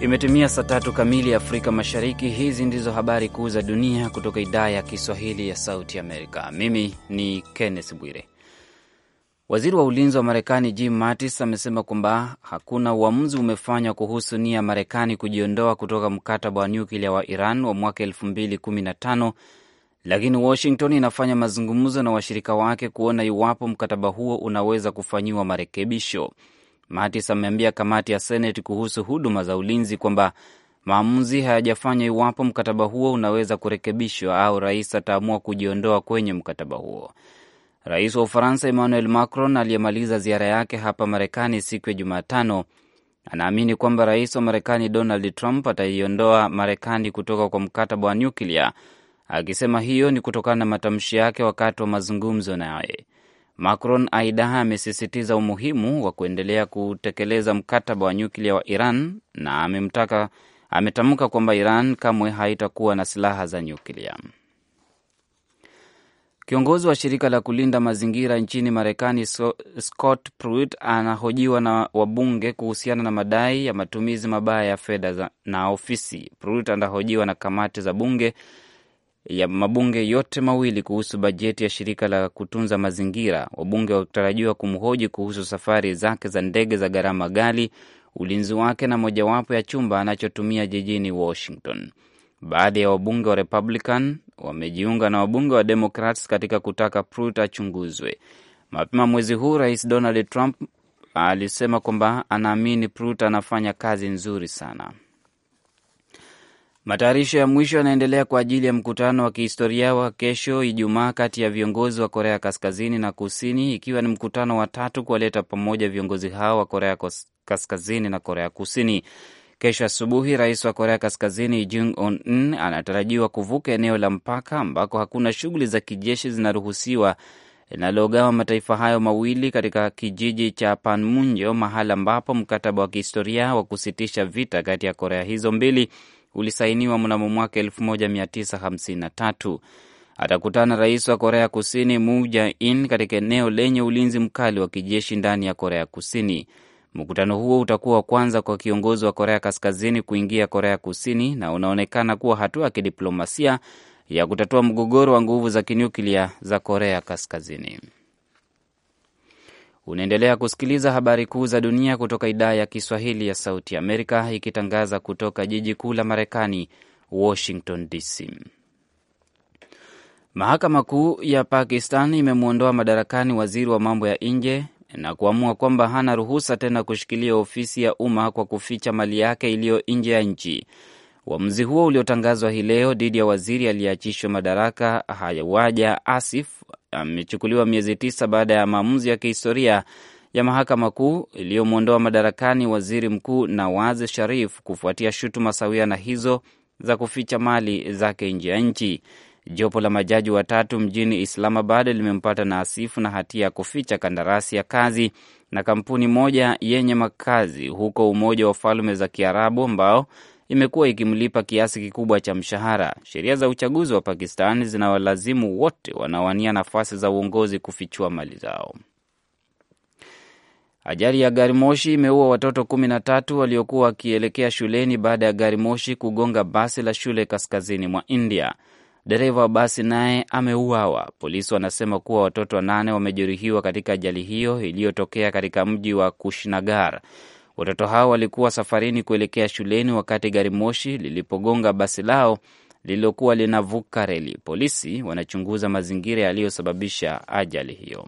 Imetimia saa tatu kamili Afrika Mashariki. Hizi ndizo habari kuu za dunia kutoka idhaa ya Kiswahili ya Sauti Amerika. Mimi ni Kenneth Bwire. Waziri wa ulinzi wa Marekani Jim Mattis amesema kwamba hakuna uamuzi umefanywa kuhusu nia ya Marekani kujiondoa kutoka mkataba wa nyuklia wa Iran wa mwaka 2015 lakini Washington inafanya mazungumzo na washirika wake kuona iwapo mkataba huo unaweza kufanyiwa marekebisho. Mattis ameambia kamati ya Seneti kuhusu huduma za ulinzi kwamba maamuzi hayajafanywa iwapo mkataba huo unaweza kurekebishwa au rais ataamua kujiondoa kwenye mkataba huo. Rais wa Ufaransa Emmanuel Macron aliyemaliza ziara yake hapa Marekani siku ya Jumatano anaamini kwamba rais wa Marekani Donald Trump ataiondoa Marekani kutoka kwa mkataba wa nyuklia, akisema hiyo ni kutokana na matamshi yake wakati wa mazungumzo naye. Macron aidha amesisitiza umuhimu wa kuendelea kutekeleza mkataba wa nyuklia wa Iran na amemtaka ametamka kwamba Iran kamwe haitakuwa na silaha za nyuklia. Kiongozi wa shirika la kulinda mazingira nchini Marekani Scott Pruitt anahojiwa na wabunge kuhusiana na madai ya matumizi mabaya ya fedha na ofisi. Pruitt anahojiwa na kamati za bunge ya mabunge yote mawili kuhusu bajeti ya shirika la kutunza mazingira. Wabunge watarajiwa kumhoji kuhusu safari zake za ndege za gharama ghali, ulinzi wake na mojawapo ya chumba anachotumia jijini Washington. Baadhi ya wabunge wa Republican wamejiunga na wabunge wa Democrats katika kutaka Prut achunguzwe. Mapema mwezi huu, Rais Donald Trump alisema kwamba anaamini Prut anafanya kazi nzuri sana. Matayarisho ya mwisho yanaendelea kwa ajili ya mkutano wa kihistoria wa kesho Ijumaa kati ya viongozi wa Korea Kaskazini na Kusini, ikiwa ni mkutano wa tatu kuwaleta pamoja viongozi hao wa Korea Kaskazini na Korea Kusini. Kesho asubuhi, rais wa Korea Kaskazini Jung On Un anatarajiwa kuvuka eneo la mpaka ambako hakuna shughuli za kijeshi zinaruhusiwa linalogawa mataifa hayo mawili katika kijiji cha Panmunjo, mahala ambapo mkataba wa kihistoria wa kusitisha vita kati ya Korea hizo mbili ulisainiwa mnamo mwaka 1953. Atakutana rais wa Korea Kusini Moon Jae-in katika eneo lenye ulinzi mkali wa kijeshi ndani ya Korea Kusini. Mkutano huo utakuwa wa kwanza kwa kiongozi wa Korea Kaskazini kuingia Korea Kusini na unaonekana kuwa hatua ya kidiplomasia ya kutatua mgogoro wa nguvu za kinyuklia za Korea Kaskazini. Unaendelea kusikiliza habari kuu za dunia kutoka idhaa ya Kiswahili ya Sauti Amerika, ikitangaza kutoka jiji kuu la Marekani, Washington DC. Mahakama Kuu ya Pakistan imemwondoa madarakani waziri wa mambo ya nje na kuamua kwamba hana ruhusa tena kushikilia ofisi ya umma kwa kuficha mali yake iliyo nje ya nchi. Uamuzi huo uliotangazwa hii leo dhidi ya waziri aliyeachishwa madaraka Hawaja Asif amechukuliwa miezi tisa baada ya maamuzi ya kihistoria ya mahakama kuu iliyomwondoa madarakani waziri mkuu Nawaz Sharif kufuatia shutuma sawia na hizo za kuficha mali zake nje ya nchi. Jopo la majaji watatu mjini Islamabad limempata na asifu na hatia ya kuficha kandarasi ya kazi na kampuni moja yenye makazi huko Umoja wa Falme za Kiarabu ambao imekuwa ikimlipa kiasi kikubwa cha mshahara. Sheria za uchaguzi wa Pakistan zinawalazimu wote wanaowania nafasi za uongozi kufichua mali zao. Ajali ya gari moshi imeua watoto kumi na tatu waliokuwa wakielekea shuleni baada ya gari moshi kugonga basi la shule kaskazini mwa India. Dereva wa basi naye ameuawa. Polisi wanasema kuwa watoto wanane wamejeruhiwa katika ajali hiyo iliyotokea katika mji wa Kushinagar. Watoto hao walikuwa safarini kuelekea shuleni wakati gari moshi lilipogonga basi lao lililokuwa linavuka reli. Polisi wanachunguza mazingira yaliyosababisha ajali hiyo.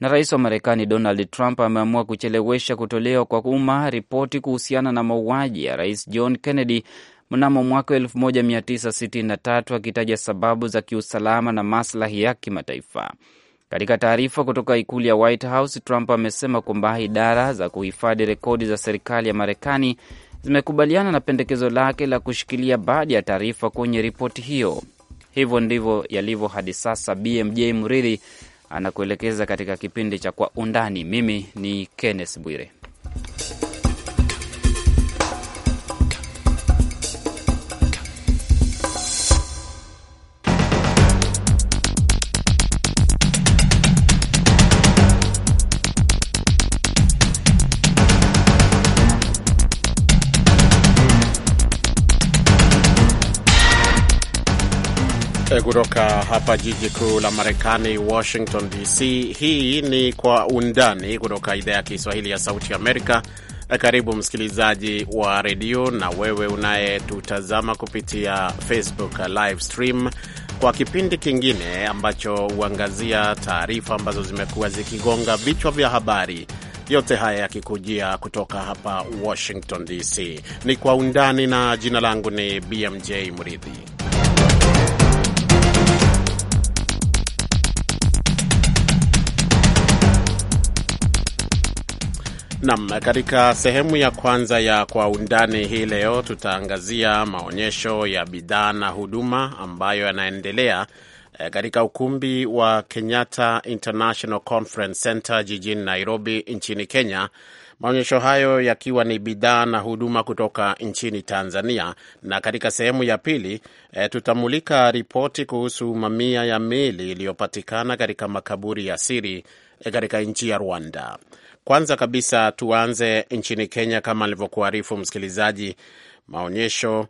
Na rais wa Marekani Donald Trump ameamua kuchelewesha kutolewa kwa umma ripoti kuhusiana na mauaji ya rais John Kennedy mnamo mwaka 1963 akitaja sababu za kiusalama na maslahi ya kimataifa. Katika taarifa kutoka ikulu ya White House, Trump amesema kwamba idara za kuhifadhi rekodi za serikali ya Marekani zimekubaliana na pendekezo lake la kushikilia baadhi ya taarifa kwenye ripoti hiyo. Hivyo ndivyo yalivyo hadi sasa. BMJ Mridhi anakuelekeza katika kipindi cha Kwa Undani. Mimi ni Kenneth Bwire. kutoka hapa jiji kuu la Marekani, Washington DC. Hii ni Kwa Undani kutoka idhaa ya Kiswahili ya Sauti Amerika. Karibu msikilizaji wa redio na wewe unayetutazama kupitia Facebook live stream kwa kipindi kingine ambacho huangazia taarifa ambazo zimekuwa zikigonga vichwa vya habari. Yote haya yakikujia kutoka hapa Washington DC. Ni Kwa Undani na jina langu ni BMJ Mridhi. Nam, katika sehemu ya kwanza ya Kwa Undani hii leo tutaangazia maonyesho ya bidhaa na huduma ambayo yanaendelea eh, katika ukumbi wa Kenyatta International Conference Center jijini Nairobi nchini Kenya, maonyesho hayo yakiwa ni bidhaa na huduma kutoka nchini Tanzania. Na katika sehemu ya pili e, tutamulika ripoti kuhusu mamia ya miili iliyopatikana katika makaburi ya siri e, katika nchi ya Rwanda. Kwanza kabisa tuanze nchini Kenya, kama alivyokuarifu msikilizaji, maonyesho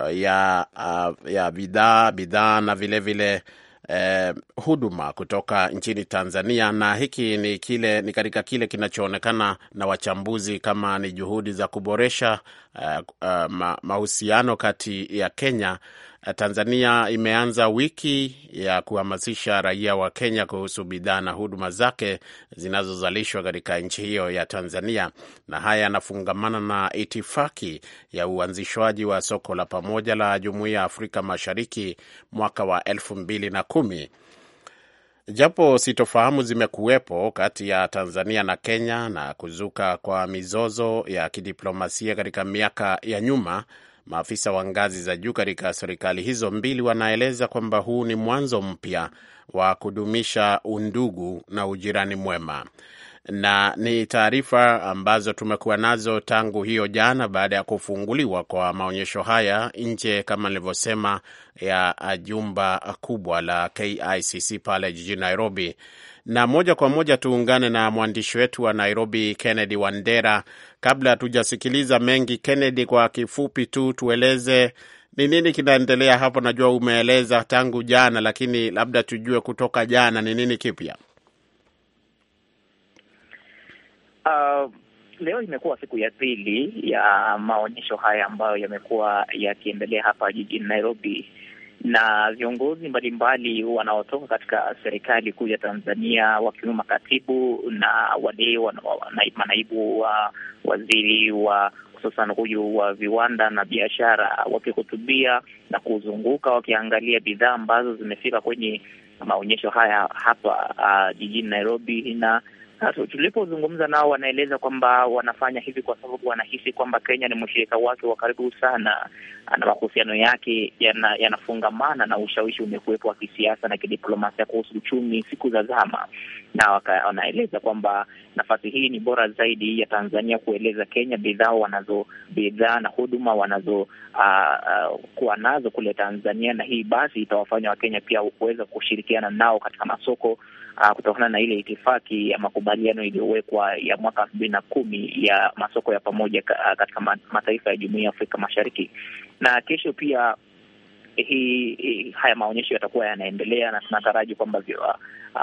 uh, ya, uh, ya bidhaa bidhaa na vilevile vile, eh, huduma kutoka nchini Tanzania, na hiki ni kile ni katika kile kinachoonekana na wachambuzi kama ni juhudi za kuboresha eh, ma, mahusiano kati ya Kenya Tanzania imeanza wiki ya kuhamasisha raia wa Kenya kuhusu bidhaa na huduma zake zinazozalishwa katika nchi hiyo ya Tanzania, na haya yanafungamana na itifaki ya uanzishwaji wa soko la pamoja la Jumuiya ya Afrika Mashariki mwaka wa elfu mbili na kumi. Japo sitofahamu zimekuwepo kati ya Tanzania na Kenya na kuzuka kwa mizozo ya kidiplomasia katika miaka ya nyuma, Maafisa wa ngazi za juu katika serikali hizo mbili wanaeleza kwamba huu ni mwanzo mpya wa kudumisha undugu na ujirani mwema na ni taarifa ambazo tumekuwa nazo tangu hiyo jana, baada ya kufunguliwa kwa maonyesho haya nje, kama nilivyosema, ya jumba kubwa la KICC pale jijini Nairobi. Na moja kwa moja tuungane na mwandishi wetu wa Nairobi, Kennedy Wandera. Kabla hatujasikiliza mengi, Kennedy, kwa kifupi tu tueleze ni nini kinaendelea hapo. Najua umeeleza tangu jana, lakini labda tujue kutoka jana ni nini kipya. Uh, leo imekuwa siku ya pili ya maonyesho haya ambayo yamekuwa yakiendelea hapa jijini Nairobi na viongozi mbalimbali wanaotoka katika serikali kuu ya Tanzania wakiwemo makatibu na wale manaibu wa waziri wa hususan huyu wa viwanda na biashara, wakihutubia na kuzunguka wakiangalia bidhaa ambazo zimefika kwenye maonyesho haya hapa uh, jijini Nairobi na sasa tulipozungumza nao, wanaeleza kwamba wanafanya hivi kwa sababu wanahisi kwamba Kenya ni mshirika wake wa karibu sana, na mahusiano yake yanafungamana na ushawishi umekuwepo wa kisiasa na kidiplomasia kuhusu uchumi siku za zama, na wanaeleza kwamba nafasi hii ni bora zaidi ya Tanzania kueleza Kenya bidhaa wanazo bidhaa na huduma wanazo uh, uh, kuwa nazo kule Tanzania, na hii basi itawafanya Wakenya pia kuweza kushirikiana nao katika masoko uh, kutokana na ile itifaki ya makubaliano iliyowekwa ya mwaka elfu mbili na kumi ya masoko ya pamoja ah, katika mataifa ya Jumuiya ya Afrika Mashariki. Na kesho pia eh, hii eh, haya maonyesho yatakuwa yanaendelea na tunataraji kwamba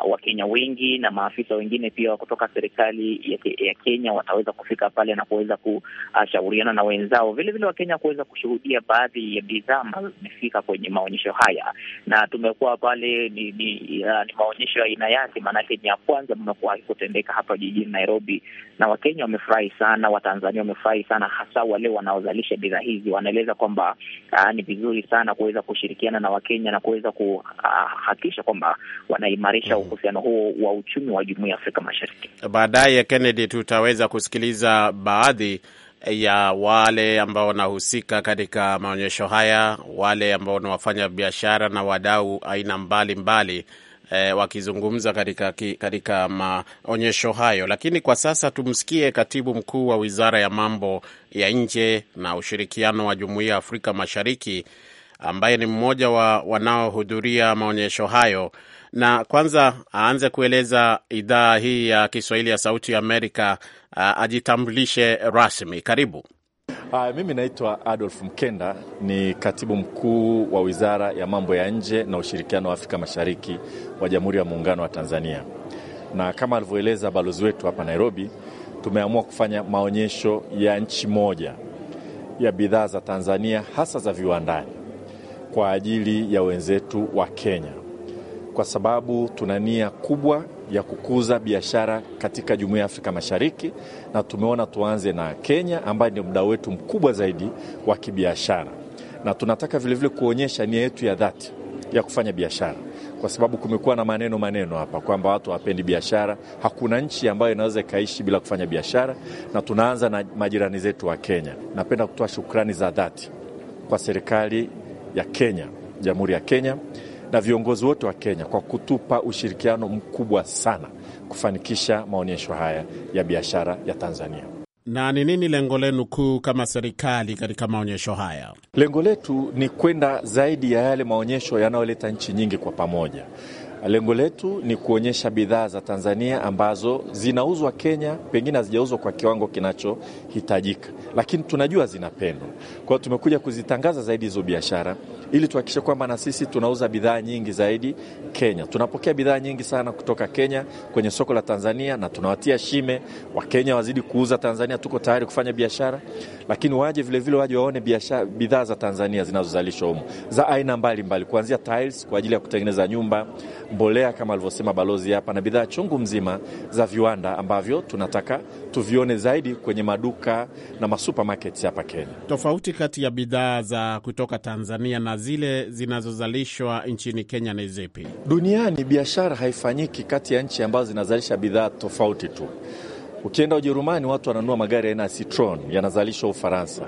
Wakenya wengi na maafisa wengine pia kutoka serikali ya, ya Kenya wataweza kufika pale na kuweza kushauriana na wenzao, vilevile Wakenya kuweza kushuhudia baadhi ya bidhaa ambazo zimefika kwenye maonyesho haya, na tumekuwa pale ni, ni, uh, ni maonyesho ya aina yake, maanake ni ya kwanza mmekuwa kutendeka hapa jijini Nairobi, na Wakenya wamefurahi sana, Watanzania wamefurahi sana, hasa wale wanaozalisha bidhaa hizi wanaeleza kwamba uh, ni vizuri sana kuweza kushirikiana na Wakenya na kuweza kuhakikisha kwamba wanaimarisha uhusiano huo wa uchumi wa jumuiya ya Afrika Mashariki. Baadaye Kennedy, tutaweza kusikiliza baadhi ya wale ambao wanahusika katika maonyesho haya, wale ambao ni wafanya biashara na wadau aina mbalimbali mbali, eh, e, wakizungumza katika, katika maonyesho hayo. Lakini kwa sasa tumsikie katibu mkuu wa wizara ya mambo ya nje na ushirikiano wa jumuiya ya Afrika Mashariki ambaye ni mmoja wa wanaohudhuria maonyesho hayo na kwanza aanze kueleza idhaa hii ya Kiswahili ya Sauti ya Amerika, uh, ajitambulishe rasmi. Karibu. Uh, mimi naitwa Adolf Mkenda ni katibu mkuu wa Wizara ya Mambo ya Nje na Ushirikiano wa Afrika Mashariki wa Jamhuri ya Muungano wa Tanzania. Na kama alivyoeleza balozi wetu hapa Nairobi, tumeamua kufanya maonyesho ya nchi moja ya bidhaa za Tanzania hasa za viwandani kwa ajili ya wenzetu wa Kenya kwa sababu tuna nia kubwa ya kukuza biashara katika Jumuiya ya Afrika Mashariki, na tumeona tuanze na Kenya ambaye ni mdau wetu mkubwa zaidi wa kibiashara, na tunataka vilevile vile kuonyesha nia yetu ya dhati ya kufanya biashara kwa sababu kumekuwa na maneno maneno hapa kwamba watu hawapendi biashara. Hakuna nchi ambayo inaweza ikaishi bila kufanya biashara, na tunaanza na majirani zetu wa Kenya. Napenda kutoa shukrani za dhati kwa serikali ya Kenya, Jamhuri ya Kenya na viongozi wote wa Kenya kwa kutupa ushirikiano mkubwa sana kufanikisha maonyesho haya ya biashara ya Tanzania. Na ni nini lengo lenu kuu kama serikali katika maonyesho haya? Lengo letu ni kwenda zaidi ya yale maonyesho yanayoleta nchi nyingi kwa pamoja. Lengo letu ni kuonyesha bidhaa za Tanzania ambazo zinauzwa Kenya, pengine hazijauzwa kwa kiwango kinachohitajika, lakini tunajua zinapendwa. Kwa hiyo tumekuja kuzitangaza zaidi hizo biashara ili tuhakikishe kwamba na sisi tunauza bidhaa nyingi zaidi Kenya. Tunapokea bidhaa nyingi sana kutoka Kenya kwenye soko la Tanzania na tunawatia shime Wakenya wazidi kuuza Tanzania, tuko tayari kufanya biashara, lakini waje vilevile waje waone bidhaa za Tanzania zinazozalishwa humo za aina mbalimbali, kuanzia tiles kwa ajili ya kutengeneza nyumba, mbolea kama alivyosema balozi hapa, na bidhaa chungu mzima za viwanda ambavyo tunataka tuvione zaidi kwenye maduka na masupermarkets hapa Kenya. Tofauti kati ya bidhaa za kutoka Tanzania na zile zinazozalishwa nchini Kenya ni zipi? Duniani biashara haifanyiki kati ya nchi ambazo zinazalisha bidhaa tofauti tu. Ukienda Ujerumani, watu wananunua magari aina ya Citroen yanazalishwa Ufaransa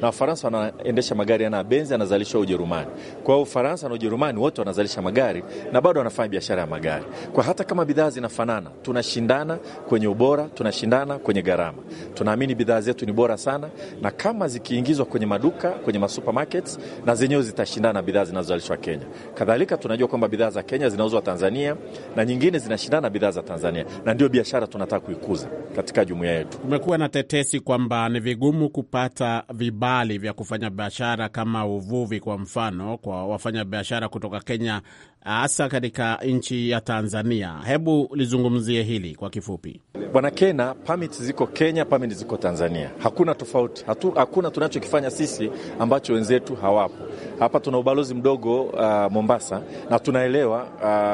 na Wafaransa wanaendesha magari yana benzi anazalishwa Ujerumani. Kwa hiyo Ufaransa na Ujerumani wote wanazalisha magari na bado wanafanya biashara ya magari. Kwa hata kama bidhaa zinafanana, tunashindana kwenye ubora, tunashindana kwenye gharama. Tunaamini bidhaa zetu ni bora sana, na kama zikiingizwa kwenye maduka, kwenye masupermarkets, na zenyewe zitashindana bidhaa zinazozalishwa Kenya. Kadhalika tunajua kwamba bidhaa za Kenya zinauzwa Tanzania na nyingine zinashindana bidhaa za Tanzania, na ndio biashara tunataka kuikuza katika jumuiya yetu. Kumekuwa na tetesi kwamba ni vigumu kupata vibali vibali vya kufanya biashara kama uvuvi, kwa mfano, kwa wafanyabiashara kutoka Kenya, hasa katika nchi ya Tanzania. Hebu lizungumzie hili kwa kifupi, Bwana Kena. Pamit ziko Kenya, pamit ziko Tanzania, hakuna tofauti hatu, hakuna tunachokifanya sisi ambacho wenzetu hawapo. Hapa tuna ubalozi mdogo uh, Mombasa, na tunaelewa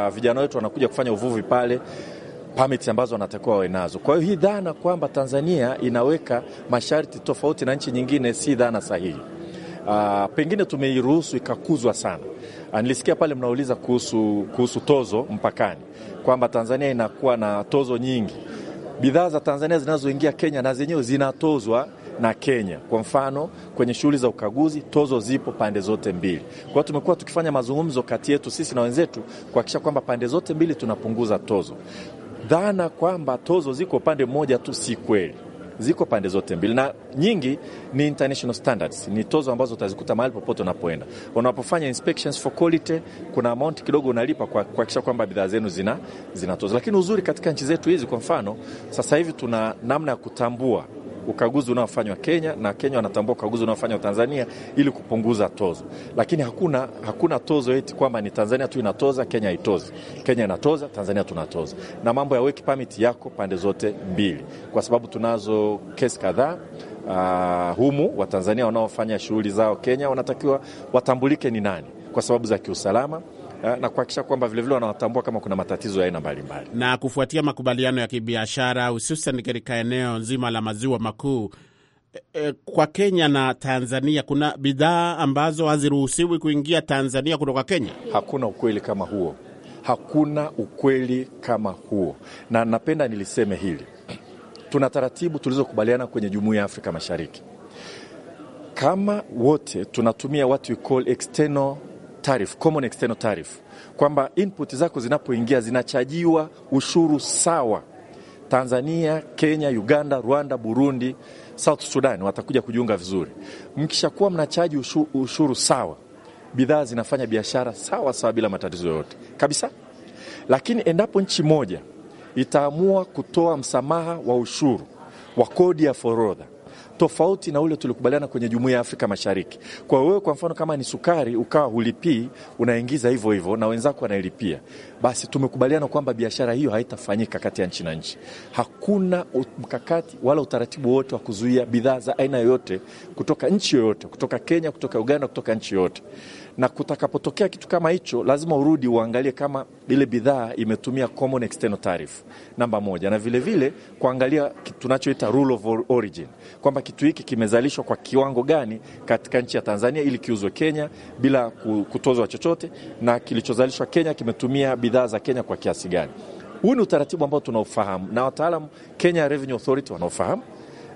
uh, vijana wetu wanakuja kufanya uvuvi pale permits ambazo wanatakiwa wawe nazo. Kwa hiyo hii dhana kwamba Tanzania inaweka masharti tofauti na nchi nyingine si dhana sahihi. Uh, pengine tumeiruhusu ikakuzwa sana. Uh, Nilisikia pale mnauliza kuhusu, kuhusu tozo mpakani kwamba Tanzania inakuwa na tozo nyingi. Bidhaa za Tanzania zinazoingia Kenya na zenyewe zinatozwa na Kenya. Kwa mfano, kwenye shughuli za ukaguzi tozo zipo pande zote mbili. Kwa hiyo tumekuwa tukifanya mazungumzo kati yetu sisi na wenzetu kuhakikisha kwamba pande zote mbili tunapunguza tozo dhana kwamba tozo ziko pande moja tu si kweli, ziko pande zote mbili, na nyingi ni international standards, ni tozo ambazo utazikuta mahali popote unapoenda. Unapofanya inspections for quality, kuna amount kidogo unalipa kwa kuhakikisha kwamba bidhaa zenu zina, zina tozo. Lakini uzuri katika nchi zetu hizi, kwa mfano sasa hivi tuna namna ya kutambua ukaguzi unaofanywa Kenya na Kenya wanatambua ukaguzi unaofanywa Tanzania ili kupunguza tozo, lakini hakuna, hakuna tozo eti kwamba ni Tanzania tu inatoza Kenya haitozi. Kenya inatoza, Tanzania tunatoza. Na mambo ya work permit yako pande zote mbili, kwa sababu tunazo kesi kadhaa uh, humu Watanzania wanaofanya shughuli zao Kenya wanatakiwa watambulike ni nani kwa sababu za kiusalama Eh, na kuhakikisha kwamba vilevile wanawatambua kama kuna matatizo ya aina mbalimbali. Na kufuatia makubaliano ya kibiashara hususan katika eneo nzima la maziwa makuu eh, eh, kwa Kenya na Tanzania kuna bidhaa ambazo haziruhusiwi kuingia Tanzania kutoka Kenya. Hakuna ukweli kama huo, hakuna ukweli kama huo, na napenda niliseme hili. Tuna taratibu tulizokubaliana kwenye Jumuiya ya Afrika Mashariki, kama wote tunatumia what we call external tarif, common external tariff kwamba input zako zinapoingia zinachajiwa ushuru sawa. Tanzania, Kenya, Uganda, Rwanda, Burundi, South Sudan watakuja kujiunga vizuri. Mkishakuwa mnachaji ushuru, ushuru sawa, bidhaa zinafanya biashara sawa sawa bila matatizo yoyote kabisa. Lakini endapo nchi moja itaamua kutoa msamaha wa ushuru wa kodi ya forodha tofauti na ule tulikubaliana kwenye Jumuiya ya Afrika Mashariki. Kwa hiyo wewe, kwa mfano, kama ni sukari ukawa hulipii, unaingiza hivyo hivyo na wenzako wanailipia, basi tumekubaliana kwamba biashara hiyo haitafanyika kati ya nchi na nchi. Hakuna mkakati wala utaratibu wote wa kuzuia bidhaa za aina yoyote kutoka nchi yoyote, kutoka Kenya, kutoka Uganda, kutoka nchi yoyote na kutakapotokea kitu kama hicho, lazima urudi uangalie kama ile bidhaa imetumia common external tariff namba moja, na vilevile vile, kuangalia tunachoita rule of origin kwamba kitu hiki kimezalishwa kwa kiwango gani katika nchi ya Tanzania ili kiuzwe Kenya bila kutozwa chochote, na kilichozalishwa Kenya kimetumia bidhaa za Kenya kwa kiasi gani. Huu ni utaratibu ambao tunaofahamu na wataalamu Kenya Revenue Authority wanaofahamu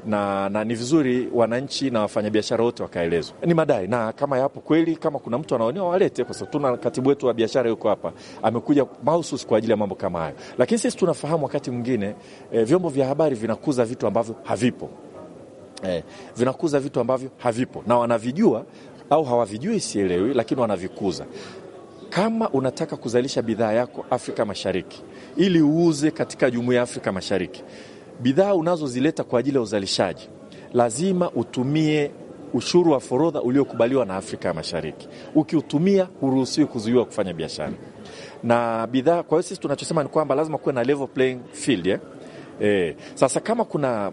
na, na ni vizuri wananchi na wafanyabiashara wote wakaelezwa. Ni madai na kama yapo kweli, kama kuna mtu anaonewa walete, kwa sababu tuna katibu wetu wa biashara yuko hapa, amekuja mahususi kwa ajili ya mambo kama hayo. Lakini sisi tunafahamu wakati mwingine e, vyombo vya habari vinakuza vitu ambavyo havipo e, vinakuza vitu ambavyo havipo na wanavijua au hawavijui, sielewi, lakini wanavikuza kama unataka kuzalisha bidhaa yako Afrika Mashariki ili uuze katika jumuiya ya Afrika Mashariki bidhaa unazozileta kwa ajili ya uzalishaji lazima utumie ushuru wa forodha uliokubaliwa na Afrika ya Mashariki. Ukiutumia huruhusiwi kuzuiwa kufanya biashara na bidhaa. Kwa hiyo sisi tunachosema ni kwamba lazima kuwe na level playing field eh? E, sasa kama kuna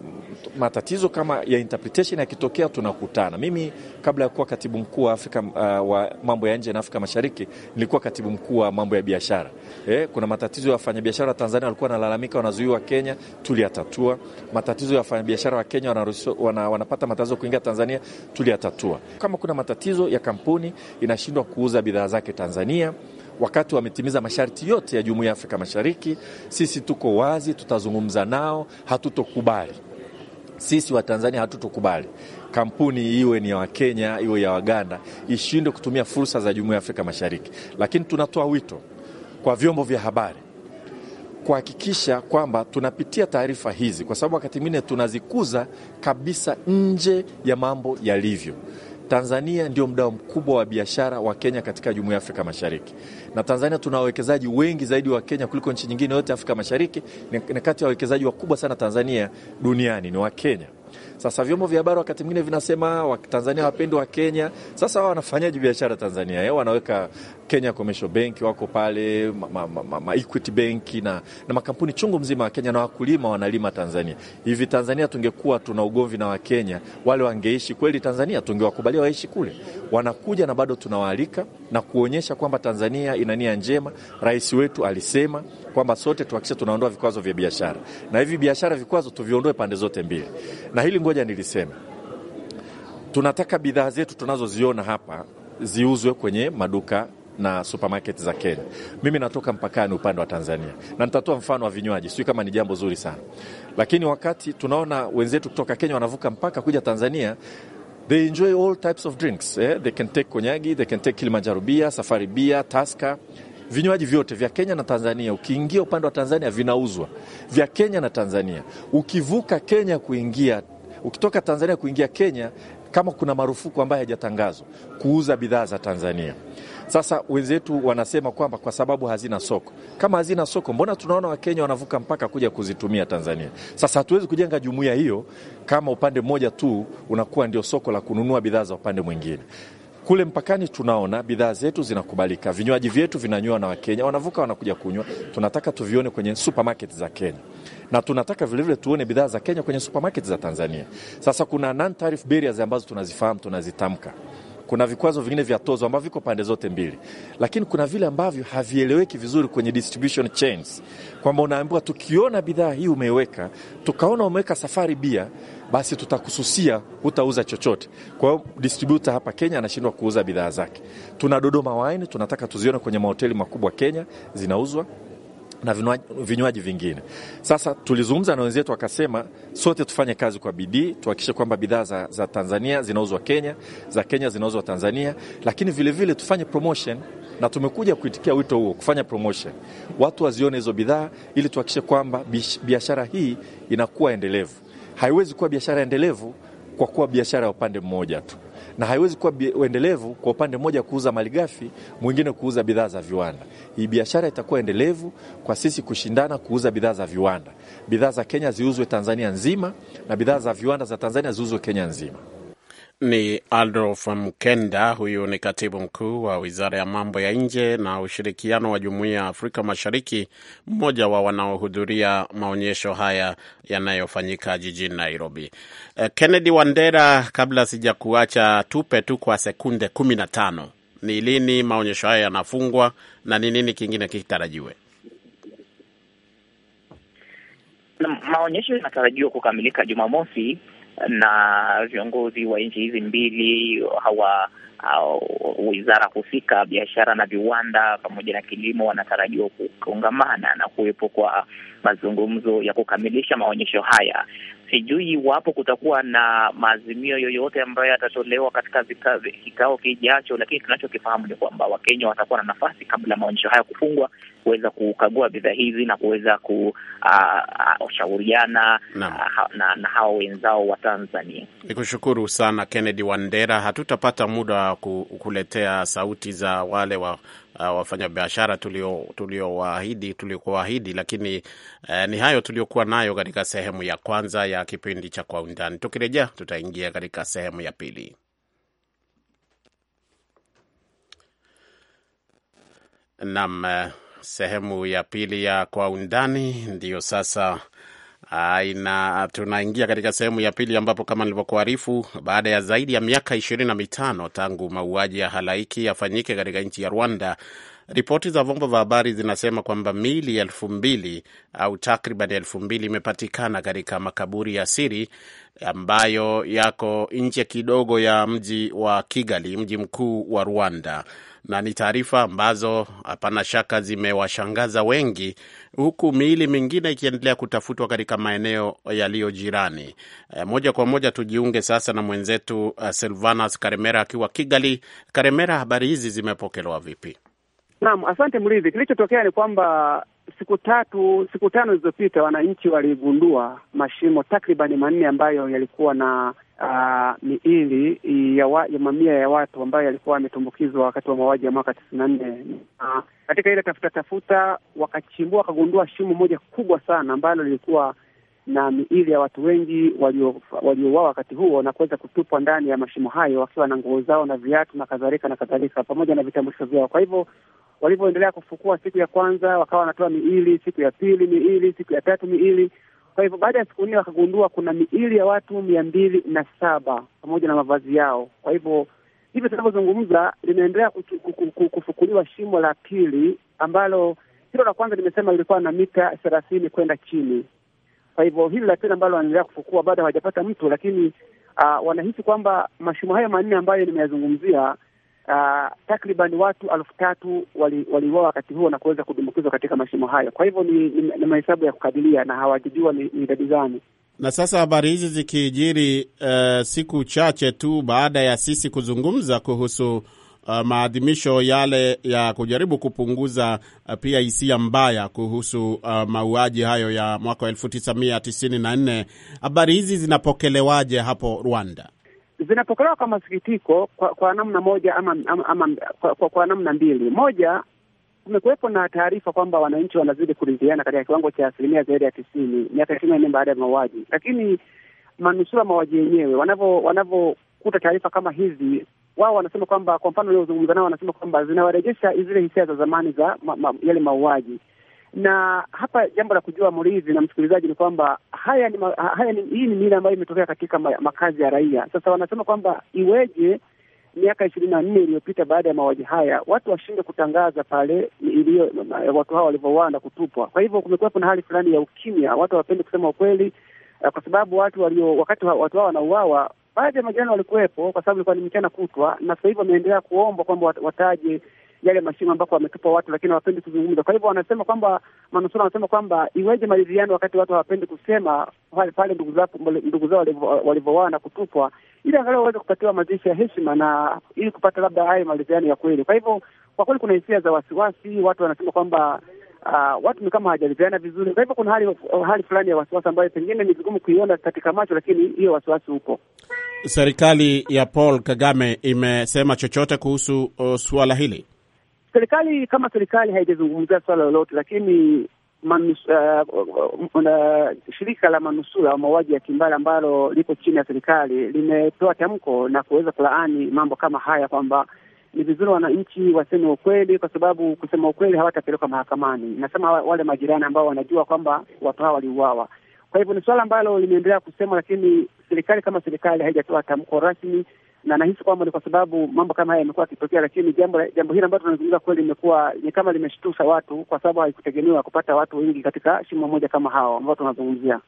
matatizo kama ya interpretation yakitokea, tunakutana. Mimi kabla ya kuwa katibu mkuu wa Afrika uh, wa mambo ya nje na Afrika Mashariki nilikuwa katibu mkuu wa mambo ya biashara. E, kuna matatizo ya wafanyabiashara wa Tanzania walikuwa wanalalamika wanazuiwa Kenya, tuliyatatua. Matatizo ya wafanyabiashara wa Kenya wanaruhusu, wana, wanapata matatizo kuingia Tanzania, tuliyatatua. Kama kuna matatizo ya kampuni inashindwa kuuza bidhaa zake Tanzania wakati wametimiza masharti yote ya Jumuiya ya Afrika Mashariki. Sisi tuko wazi, tutazungumza nao, hatutokubali sisi Watanzania hatutokubali kampuni iwe ni ya Wakenya iwe ya Waganda ishindwe kutumia fursa za Jumuiya ya Afrika Mashariki. Lakini tunatoa wito kwa vyombo vya habari kuhakikisha kwamba tunapitia taarifa hizi, kwa sababu wakati mwingine tunazikuza kabisa nje ya mambo yalivyo. Tanzania ndio mdau mkubwa wa biashara wa Kenya katika Jumuiya ya Afrika Mashariki, na Tanzania tuna wawekezaji wengi zaidi wa Kenya kuliko nchi nyingine yote Afrika Mashariki. Ni kati ya wawekezaji wakubwa sana Tanzania duniani ni wa Kenya. Sasa vyombo vya habari wakati mwingine vinasema Watanzania wapendwa wa Kenya. Sasa wao wanafanyaje biashara Tanzania? Eh, wanaweka Kenya Commercial Bank wako pale, ma, ma, ma, ma Equity Bank na, na makampuni chungu mzima wa Kenya na wakulima wanalima Tanzania. Hivi Tanzania tungekuwa tuna ugomvi na Wakenya wale wangeishi kweli Tanzania, tungewakubalia waishi kule. Wanakuja na bado tunawaalika na kuonyesha kwamba Tanzania ina nia njema. Rais wetu alisema kwamba sote tuhakikishe tunaondoa vikwazo vya biashara, na hivi biashara vikwazo tuviondoe pande zote mbili, na hili ngoja nilisema tunataka bidhaa zetu tunazoziona hapa ziuzwe kwenye maduka na supermarket za Kenya. Mimi natoka mpakani upande wa Tanzania, na nitatoa mfano wa vinywaji, sio kama ni jambo zuri sana, lakini wakati tunaona wenzetu kutoka Kenya wanavuka mpaka kuja Tanzania They enjoy all types of drinks. Eh? They can take konyagi, they can take Kilimanjaro bia, Safari bia, Taska. Vinywaji vyote vya Kenya na Tanzania, ukiingia upande wa Tanzania vinauzwa, vya Kenya na Tanzania. Ukivuka Kenya kuingia, ukitoka Tanzania kuingia Kenya, kama kuna marufuku ambayo haijatangazwa kuuza bidhaa za Tanzania sasa wenzetu wanasema kwamba kwa sababu hazina soko. Kama hazina soko, mbona tunaona Wakenya wanavuka mpaka kuja kuzitumia Tanzania? Sasa hatuwezi kujenga jumuiya hiyo kama upande mmoja tu unakuwa ndio soko la kununua bidhaa za upande mwingine. Kule mpakani tunaona bidhaa zetu zinakubalika, vinywaji vyetu vinanywa na Wakenya, wanavuka wanakuja kunywa. Tunataka tuvione kwenye supermarket za Kenya na tunataka vilevile tuone bidhaa za Kenya kwenye supermarket za Tanzania. Sasa kuna non-tariff barriers ambazo tunazifahamu, tunazitamka kuna vikwazo vingine vya tozo ambavyo viko pande zote mbili, lakini kuna vile ambavyo havieleweki vizuri kwenye distribution chains, kwamba unaambiwa tukiona bidhaa hii umeweka tukaona umeweka safari bia, basi tutakususia, hutauza chochote. Kwa hiyo distributor hapa Kenya anashindwa kuuza bidhaa zake. Tuna Dodoma wine, tunataka tuzione kwenye mahoteli makubwa Kenya zinauzwa na vinywaji, vingine. Sasa tulizungumza na wenzetu wakasema, sote tufanye kazi kwa bidii, tuhakikishe kwamba bidhaa za, za Tanzania zinauzwa Kenya, za Kenya zinauzwa Tanzania, lakini vilevile vile tufanye promotion, na tumekuja kuitikia wito huo kufanya promotion, watu wazione hizo bidhaa, ili tuhakikishe kwamba biashara hii inakuwa endelevu. Haiwezi kuwa biashara endelevu kwa kuwa biashara ya upande mmoja tu na haiwezi kuwa endelevu kwa upande mmoja kuuza malighafi, mwingine kuuza bidhaa za viwanda. Hii biashara itakuwa endelevu kwa sisi kushindana kuuza bidhaa za viwanda, bidhaa za Kenya ziuzwe Tanzania nzima na bidhaa za viwanda za Tanzania ziuzwe Kenya nzima. Ni Adolf Mkenda, huyu ni katibu mkuu wa wizara ya mambo ya nje na ushirikiano wa jumuiya ya Afrika Mashariki, mmoja wa wanaohudhuria maonyesho haya yanayofanyika jijini Nairobi. Eh, Kennedy Wandera, kabla sijakuacha, tupe tu kwa sekunde kumi na tano, ni lini maonyesho haya yanafungwa na ni nini kingine kitarajiwe? Maonyesho yanatarajiwa kukamilika Jumamosi na viongozi wa nchi hizi mbili hawa wizara husika, biashara na viwanda pamoja na kilimo, wanatarajiwa kuungamana na kuwepo kwa mazungumzo ya kukamilisha maonyesho haya. Sijui iwapo kutakuwa na maazimio yoyote ambayo yatatolewa katika kikao kijacho, lakini tunachokifahamu ni kwamba Wakenya watakuwa na nafasi kabla maonyesho haya kufungwa kuweza kukagua bidhaa hizi na kuweza kushauriana na, na, na, hawa wenzao wa Tanzania. Ni kushukuru sana Kennedy Wandera. Hatutapata muda wa kuletea sauti za wale wa uh, wafanyabiashara tuliowaahidi tuliokuahidi, lakini uh, ni hayo tuliokuwa nayo katika sehemu ya kwanza ya kipindi cha Kwa Undani. Tukirejea tutaingia katika sehemu ya pili. Naam, uh, sehemu ya pili ya Kwa Undani ndiyo sasa aina tunaingia katika sehemu ya pili ambapo kama nilivyokuarifu, baada ya zaidi ya miaka ishirini na mitano tangu mauaji ya halaiki yafanyike katika nchi ya Rwanda, ripoti za vyombo vya habari zinasema kwamba mili elfu mbili au takriban elfu mbili imepatikana katika makaburi ya siri ambayo yako nje kidogo ya mji wa Kigali, mji mkuu wa Rwanda na ni taarifa ambazo hapana shaka zimewashangaza wengi, huku miili mingine ikiendelea kutafutwa katika maeneo yaliyo jirani. E, moja kwa moja tujiunge sasa na mwenzetu uh, eh, Silvanas Karemera akiwa Kigali. Karemera, habari hizi zimepokelewa vipi? Naam, asante Mridhi. Kilichotokea ni kwamba siku tatu siku tano zilizopita wananchi waligundua mashimo takribani manne ambayo yalikuwa na uh, ah, miili ya, wa, ya mamia ya watu ambayo yalikuwa yametumbukizwa wakati wa mauaji ya mwaka tisini na nne. Uh, katika ile tafuta tafuta wakachimbua wakagundua shimo moja kubwa sana ambalo lilikuwa na miili ya watu wengi waliouawa wakati huo na kuweza kutupwa ndani ya mashimo hayo wakiwa na nguo zao na viatu na kadhalika na kadhalika, pamoja na vitambulisho vyao. Kwa hivyo walivyoendelea kufukua, siku ya kwanza wakawa wanatoa miili, siku ya pili miili, siku ya tatu miili, kwa hivyo baada ya siku nne wakagundua kuna miili ya watu mia mbili na saba pamoja na mavazi yao. Kwa hivyo hivi tunavyozungumza, linaendelea kufukuliwa shimo la pili ambalo hilo la kwanza limesema lilikuwa na mita thelathini kwenda chini. Kwa hivyo hili la pili ambalo wanaendelea kufukua bado hawajapata mtu, lakini uh, wanahisi kwamba mashimo hayo manne ambayo nimeyazungumzia uh, takriban watu elfu tatu waliuawa wali wakati huo na kuweza kudumbukizwa katika mashimo hayo. Kwa hivyo ni, ni, ni mahesabu ya kukadiria na hawajijua ni idadi gani. Na sasa habari hizi zikijiri uh, siku chache tu baada ya sisi kuzungumza kuhusu Uh, maadhimisho yale ya kujaribu kupunguza uh, pia hisia mbaya kuhusu uh, mauaji hayo ya mwaka wa elfu tisa mia tisini na nne. Habari hizi zinapokelewaje hapo Rwanda? zinapokelewa kwa masikitiko kwa, kwa namna moja ama, ama, ama kwa, kwa, kwa namna mbili. Moja, kumekuwepo na taarifa kwamba wananchi wanazidi kuridhiana katika kiwango cha asilimia zaidi ya tisini miaka ishirini na nne baada ya mauaji, lakini manusura mauaji yenyewe wanavyokuta taarifa kama hizi wao wanasema kwamba, kwa mfano, uliozungumza nao wanasema kwamba zinawarejesha zile hisia za zamani za ma, ma, yale mauaji na hapa jambo la kujua mlizi na msikilizaji ni kwamba haya ni, haya ni, hii ni mila ambayo imetokea katika makazi ya raia. Sasa wanasema kwamba iweje miaka ishirini na nne iliyopita baada ya mauaji haya watu washinde kutangaza pale iliyo watu hawa walivyouawa na kutupwa. Kwa hivyo kumekuwepo na hali fulani ya ukimya, watu hawapendi kusema ukweli eh, kwa sababu watu walio wakati watu hao wanauawa, baadhi ya majirani walikuwepo kwa sababu ilikuwa ni mchana kutwa, na sasa hivi wameendelea kuomba kwamba wataje yale mashimo ambako wametupa watu, lakini hawapendi kuzungumza. Kwa hivyo wanasema kwamba, manusura wanasema kwamba iweje maridhiano wakati watu hawapendi kusema pale pale ndugu zao ndugu zao walivyouawa na kutupwa, ili angalau waweze kupatiwa mazishi ya heshima na ili kupata labda hayo maridhiano ya kweli. Kwa hivyo kwa kweli kuna hisia za wasiwasi, watu wanasema kwamba Uh, watu ni kama hawajaridhiana vizuri. Kwa hivyo kuna hali, hali fulani ya wasiwasi ambayo pengine ni vigumu kuiona katika macho, lakini hiyo wasiwasi huko. Serikali ya Paul Kagame imesema chochote kuhusu uh, suala hili? Serikali kama serikali haijazungumzia swala lolote, lakini manus, uh, uh, uh, uh shirika la manusura wa mauaji ya kimbali ambalo liko chini ya serikali limetoa tamko na kuweza kulaani mambo kama haya kwamba ni vizuri wananchi waseme ukweli, kwa sababu kusema ukweli hawatapelekwa mahakamani. Nasema wale majirani ambao wanajua kwamba watu hawa waliuawa. Kwa hivyo ni suala ambalo limeendelea kusema, lakini serikali kama serikali haijatoa tamko rasmi na nahisi kwamba ni kwa sababu mambo kama haya yamekuwa yakitokea, lakini jambo jambo hili ambalo tunazungumza kweli imekuwa ni kama limeshtusha watu, kwa sababu haikutegemewa kupata watu wengi katika shimo moja kama hao ambao tunazungumzia.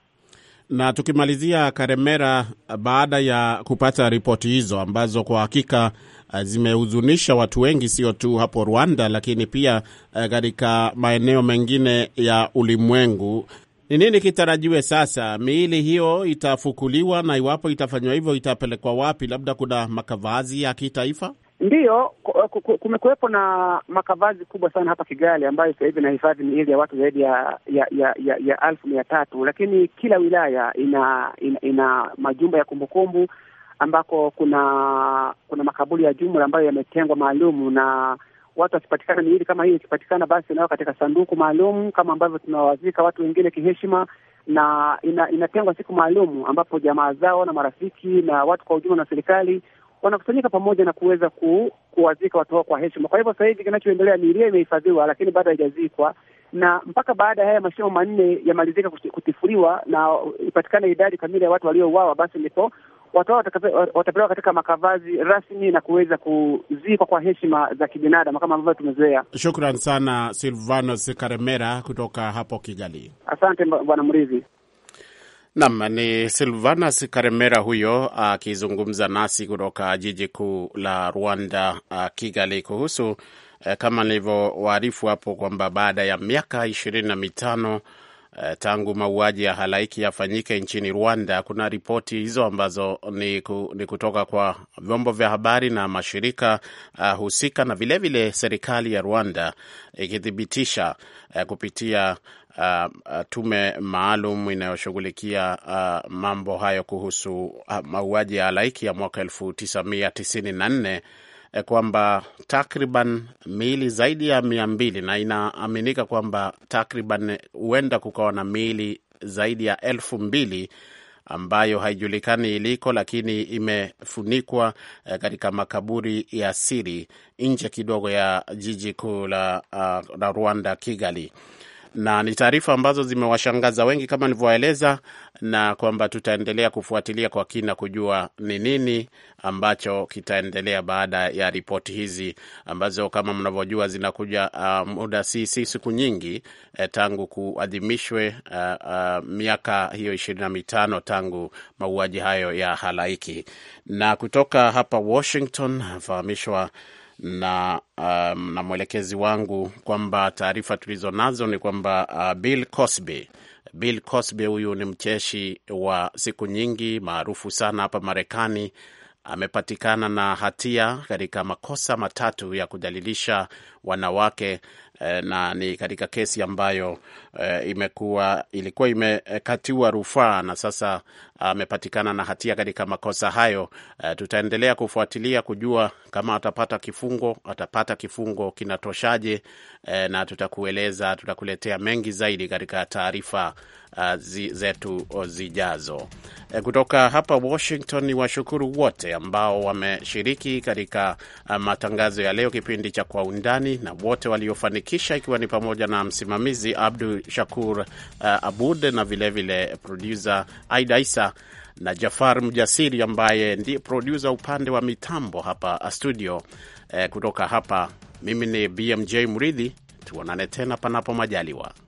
Na tukimalizia, Karemera, baada ya kupata ripoti hizo ambazo kwa hakika eh, zimehuzunisha watu wengi, sio tu hapo Rwanda, lakini pia eh, katika maeneo mengine ya ulimwengu, ni nini kitarajiwe sasa? Miili hiyo itafukuliwa, na iwapo itafanywa hivyo itapelekwa wapi? Labda kuna makavazi ya kitaifa? Ndiyo, kumekuwepo na makavazi kubwa sana hapa Kigali ambayo sasa hivi inahifadhi miili ya watu zaidi ya ya ya, ya, ya elfu mia tatu, lakini kila wilaya ina ina, ina majumba ya kumbukumbu ambako kuna kuna makaburi ya jumla ambayo yametengwa maalumu na watu wakipatikana, miili kama hii ikipatikana, basi nao katika sanduku maalum kama ambavyo tunawazika watu wengine kiheshima, na ina, inatengwa siku maalum ambapo jamaa zao na marafiki na watu kwa ujumla na serikali wanakusanyika pamoja na kuweza ku, kuwazika watu hao kwa heshima. Kwa hivyo sasa hivi kinachoendelea, miili imehifadhiwa lakini bado haijazikwa, na mpaka baada ya haya mashimo manne yamalizika kutifuliwa na ipatikane idadi kamili ya watu waliouawa, basi ndipo watu hao watapelewa katika makavazi rasmi na kuweza kuzikwa kwa heshima za kibinadamu kama ambavyo tumezoea. Shukran sana Silvanos Karemera kutoka hapo Kigali. Asante bwana Mrizi. Nam ni Silvanas Karemera huyo akizungumza nasi kutoka jiji kuu la Rwanda, uh, Kigali, kuhusu uh, kama nilivyowaarifu hapo kwamba baada ya miaka ishirini na mitano Eh, tangu mauaji ya halaiki yafanyike nchini Rwanda. Kuna ripoti hizo ambazo ni, ku, ni kutoka kwa vyombo vya habari na mashirika uh, husika na vilevile vile serikali ya Rwanda ikithibitisha uh, kupitia Uh, tume maalum inayoshughulikia uh, mambo hayo kuhusu uh, mauaji ya halaiki ya mwaka elfu tisa mia tisini na nne Eh, kwamba takriban miili zaidi ya mia mbili na inaaminika kwamba takriban huenda kukawa na miili zaidi ya elfu mbili ambayo haijulikani iliko, lakini imefunikwa eh, katika makaburi ya siri nje kidogo ya jiji kuu la ah, Rwanda, Kigali na ni taarifa ambazo zimewashangaza wengi kama nilivyoeleza, na kwamba tutaendelea kufuatilia kwa kina kujua ni nini ambacho kitaendelea baada ya ripoti hizi ambazo kama mnavyojua zinakuja uh, muda si, si siku nyingi eh, tangu kuadhimishwe uh, uh, miaka hiyo ishirini na mitano tangu mauaji hayo ya halaiki. Na kutoka hapa Washington nafahamishwa na, um, na mwelekezi wangu kwamba taarifa tulizo nazo ni kwamba uh, Bill Cosby Bill Cosby huyu ni mcheshi wa siku nyingi maarufu sana hapa Marekani amepatikana na hatia katika makosa matatu ya kudhalilisha wanawake Eh, na ni katika kesi ambayo eh, imekuwa ilikuwa imekatiwa rufaa na sasa amepatikana ah, na hatia katika makosa hayo. Eh, tutaendelea kufuatilia kujua kama atapata kifungo, atapata kifungo kinatoshaje, eh, na tutakueleza, tutakuletea mengi zaidi katika taarifa uh, zi, zetu zijazo. Eh, kutoka hapa Washington, ni washukuru wote ambao wameshiriki katika uh, matangazo ya leo, kipindi cha Kwa Undani na wote waliofanikiwa waliofanikisha ikiwa ni pamoja na msimamizi Abdu Shakur uh, Abud na vilevile produsa Aida Isa na Jafar Mjasiri ambaye ndiye produsa upande wa mitambo hapa uh, studio. Uh, kutoka hapa mimi ni BMJ Mridhi, tuonane tena panapo majaliwa.